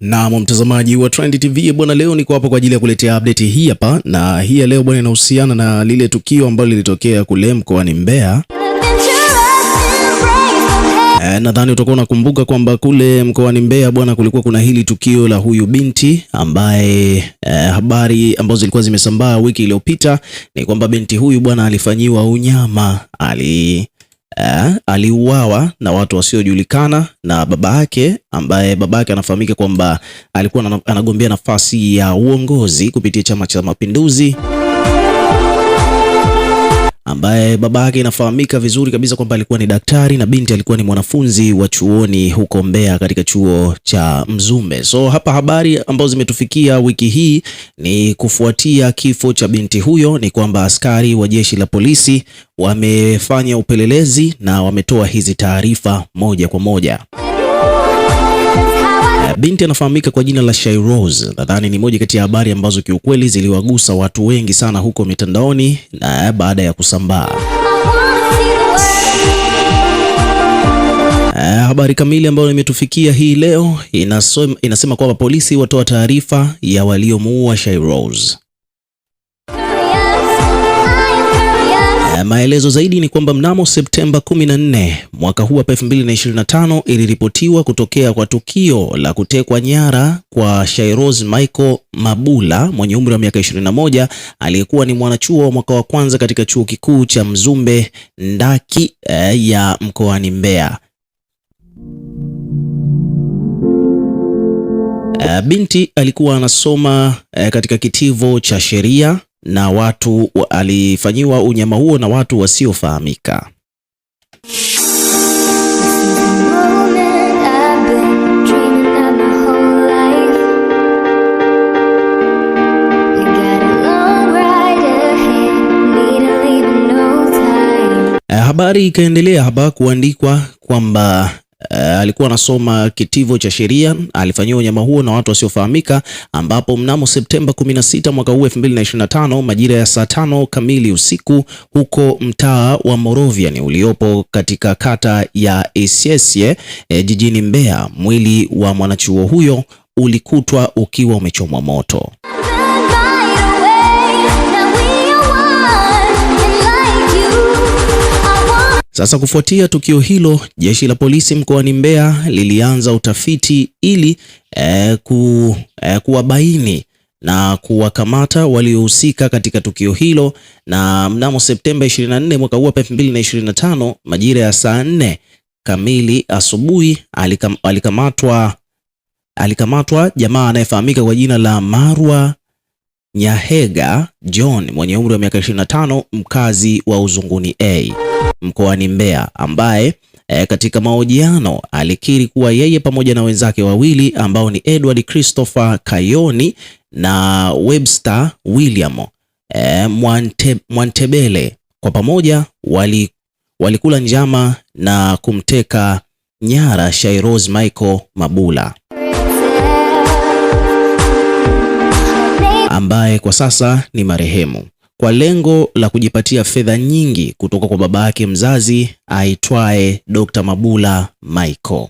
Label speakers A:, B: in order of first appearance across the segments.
A: Naam, mtazamaji wa Trend TV bwana, leo niko hapa kwa ajili ya kuletea update hii hapa, na hii ya leo bwana inahusiana na lile tukio ambalo lilitokea kule mkoani Mbeya. Eh, nadhani utakuwa unakumbuka kwamba kule mkoani Mbeya bwana, kulikuwa kuna hili tukio la huyu binti ambaye eh, habari ambazo zilikuwa zimesambaa wiki iliyopita ni kwamba binti huyu bwana alifanyiwa unyama ali eh, aliuawa na watu wasiojulikana na baba yake ambaye baba yake anafahamika kwamba alikuwa anagombea nafasi ya uongozi kupitia Chama cha Mapinduzi ambaye baba yake inafahamika vizuri kabisa kwamba alikuwa ni daktari na binti alikuwa ni mwanafunzi wa chuoni huko Mbeya katika chuo cha Mzumbe. So hapa habari ambazo zimetufikia wiki hii ni kufuatia kifo cha binti huyo, ni kwamba askari wa jeshi la polisi wamefanya upelelezi na wametoa hizi taarifa moja kwa moja. Binti anafahamika kwa jina la Rose. Nadhani ni moja kati ya habari ambazo kiukweli ziliwagusa watu wengi sana huko mitandaoni na baada ya kusambaa eh, habari kamili ambayo imetufikia hii leo inasema, inasema kwamba polisi watoa taarifa ya waliomuua Rose. Maelezo zaidi ni kwamba mnamo Septemba 14 mwaka huu hapa 2025 iliripotiwa kutokea kwa tukio la kutekwa nyara kwa Shairoz Michael Mabula mwenye umri wa miaka 21 aliyekuwa ni mwanachuo wa mwaka wa kwanza katika chuo kikuu cha Mzumbe Ndaki eh, ya mkoani Mbeya. Eh, binti alikuwa anasoma eh, katika kitivo cha sheria na watu alifanyiwa unyama huo na watu wasiofahamika. Eh, habari ikaendelea hapa kuandikwa kwamba Uh, alikuwa anasoma kitivo cha sheria. Alifanyiwa unyama huo na watu wasiofahamika, ambapo mnamo Septemba 16 mwaka huu 2025 majira ya saa tano kamili usiku huko mtaa wa Morovian uliopo katika kata ya Isyesye eh, jijini Mbeya, mwili wa mwanachuo huyo ulikutwa ukiwa umechomwa moto. Sasa kufuatia tukio hilo, jeshi la polisi mkoani Mbeya lilianza utafiti ili e, ku, e, kuwabaini na kuwakamata waliohusika katika tukio hilo, na mnamo Septemba 24 mwaka huu 2025 majira ya saa 4 kamili asubuhi alikam, alikamatwa alikamatwa jamaa anayefahamika kwa jina la Marwa Nyahega John mwenye umri wa miaka 25 mkazi wa Uzunguni A mkoani Mbeya ambaye e, katika mahojiano alikiri kuwa yeye pamoja na wenzake wawili ambao ni Edward Christopher Kayoni na Webster William e, Mwante, Mwantebele kwa pamoja wali, walikula njama na kumteka nyara Shyrose Michael Mabula. ambaye kwa sasa ni marehemu kwa lengo la kujipatia fedha nyingi kutoka kwa baba yake mzazi aitwaye Dr. Mabula Michael.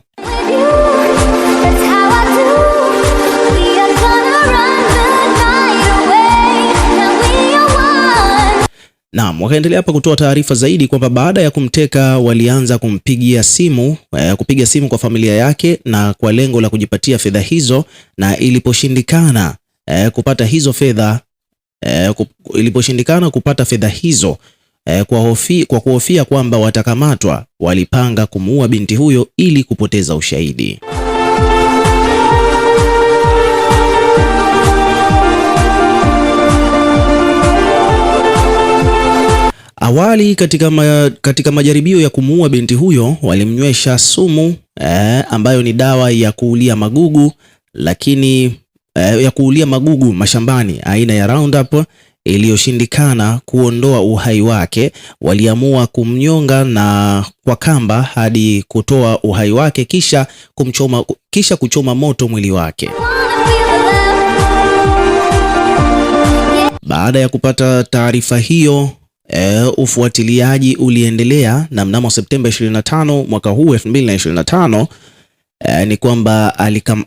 A: Naam, wakaendelea hapa kutoa taarifa zaidi kwamba baada ya kumteka walianza kumpigia simu eh, kupiga simu kwa familia yake na kwa lengo la kujipatia fedha hizo, na iliposhindikana eh, kupata hizo fedha eh, iliposhindikana kupata fedha hizo eh, kwa hofi, kwa kuhofia kwamba watakamatwa, walipanga kumuua binti huyo ili kupoteza ushahidi. Awali katika, ma, katika majaribio ya kumuua binti huyo walimnywesha sumu eh, ambayo ni dawa ya kuulia magugu, lakini Eh, ya kuulia magugu mashambani aina ya Roundup iliyoshindikana kuondoa uhai wake, waliamua kumnyonga na kwa kamba hadi kutoa uhai wake, kisha kumchoma, kisha kuchoma moto mwili wake. Baada ya kupata taarifa hiyo e, ufuatiliaji uliendelea na mnamo Septemba 25 mwaka huu 2025 e, eh, ni kwamba alikam,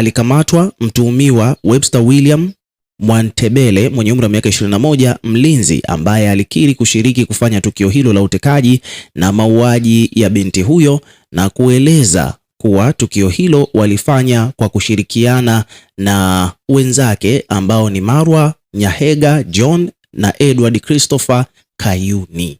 A: alikamatwa mtuhumiwa Webster William Mwantebele mwenye umri wa miaka 21, mlinzi ambaye alikiri kushiriki kufanya tukio hilo la utekaji na mauaji ya binti huyo na kueleza kuwa tukio hilo walifanya kwa kushirikiana na wenzake ambao ni Marwa Nyahega John na Edward Christopher Kayuni.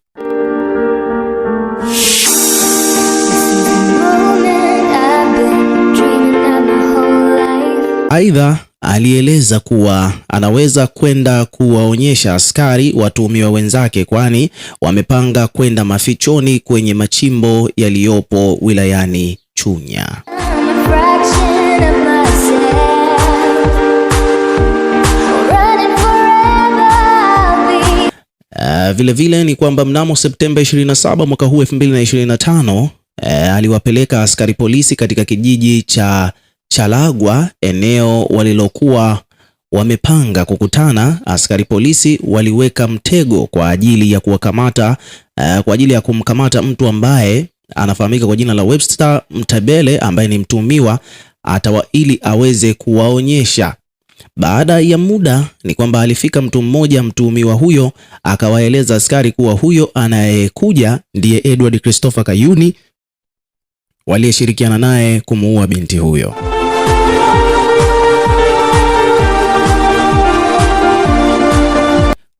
A: Aidha, alieleza kuwa anaweza kwenda kuwaonyesha askari watuhumiwa wenzake kwani wamepanga kwenda mafichoni kwenye machimbo yaliyopo wilayani Chunya. vilevile uh, vile vile ni kwamba mnamo Septemba 27 mwaka huu 2025, uh, aliwapeleka askari polisi katika kijiji cha Chalagwa, eneo walilokuwa wamepanga kukutana, askari polisi waliweka mtego kwa ajili ya kuwakamata, uh, kwa ajili ya kumkamata mtu ambaye anafahamika kwa jina la Webster Mtabele ambaye ni mtuhumiwa atawa ili aweze kuwaonyesha. Baada ya muda ni kwamba alifika mtu mmoja, mtuhumiwa huyo akawaeleza askari kuwa huyo anayekuja ndiye Edward Christopher Kayuni waliyeshirikiana naye kumuua binti huyo.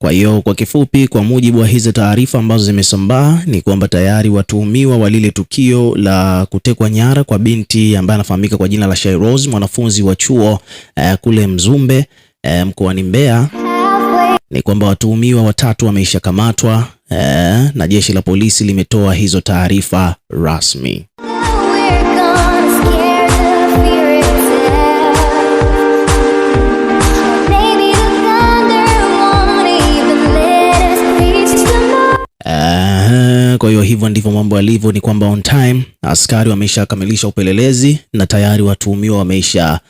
A: Kwa hiyo kwa kifupi, kwa mujibu wa hizi taarifa ambazo zimesambaa ni kwamba tayari watuhumiwa wa lile tukio la kutekwa nyara kwa binti ambaye anafahamika kwa jina la Shyrose, mwanafunzi wa chuo eh, kule Mzumbe eh, mkoani Mbeya, ni kwamba watuhumiwa watatu wameisha kamatwa eh, na jeshi la polisi limetoa hizo taarifa rasmi. Kwa hiyo hivyo ndivyo mambo yalivyo, ni kwamba on time askari wameshakamilisha upelelezi na tayari watuhumiwa wameisha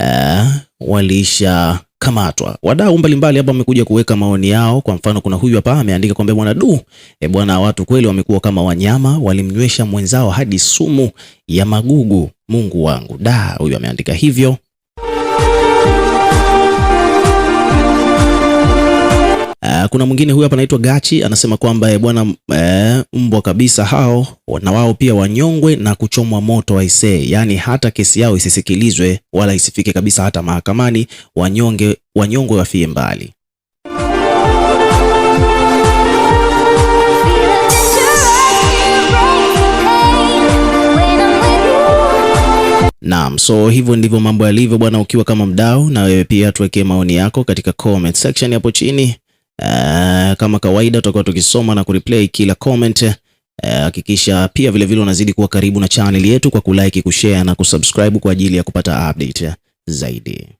A: uh, walisha kamatwa. Wadau mbalimbali hapa wamekuja kuweka maoni yao. Kwa mfano, kuna huyu hapa ameandika kwamba bwana du, e bwana, watu kweli wamekuwa kama wanyama, walimnywesha mwenzao hadi sumu ya magugu. Mungu wangu da, huyu ameandika hivyo. Ah, kuna mwingine huyu hapa anaitwa Gachi anasema kwamba eh, bwana e, mbwa kabisa hao na wao pia wanyongwe na kuchomwa moto aisee, yaani hata kesi yao isisikilizwe wala isifike kabisa hata mahakamani, wanyonge wanyongwe wafie mbali. Naam, so hivyo ndivyo mambo yalivyo bwana. Ukiwa kama mdau, na wewe pia tuwekee maoni yako katika comment section hapo chini. Uh, kama kawaida tutakuwa tukisoma na kureplay kila comment. Eh, hakikisha uh, pia vilevile unazidi kuwa karibu na channel yetu kwa kulike, kushare na kusubscribe kwa ajili ya kupata update zaidi.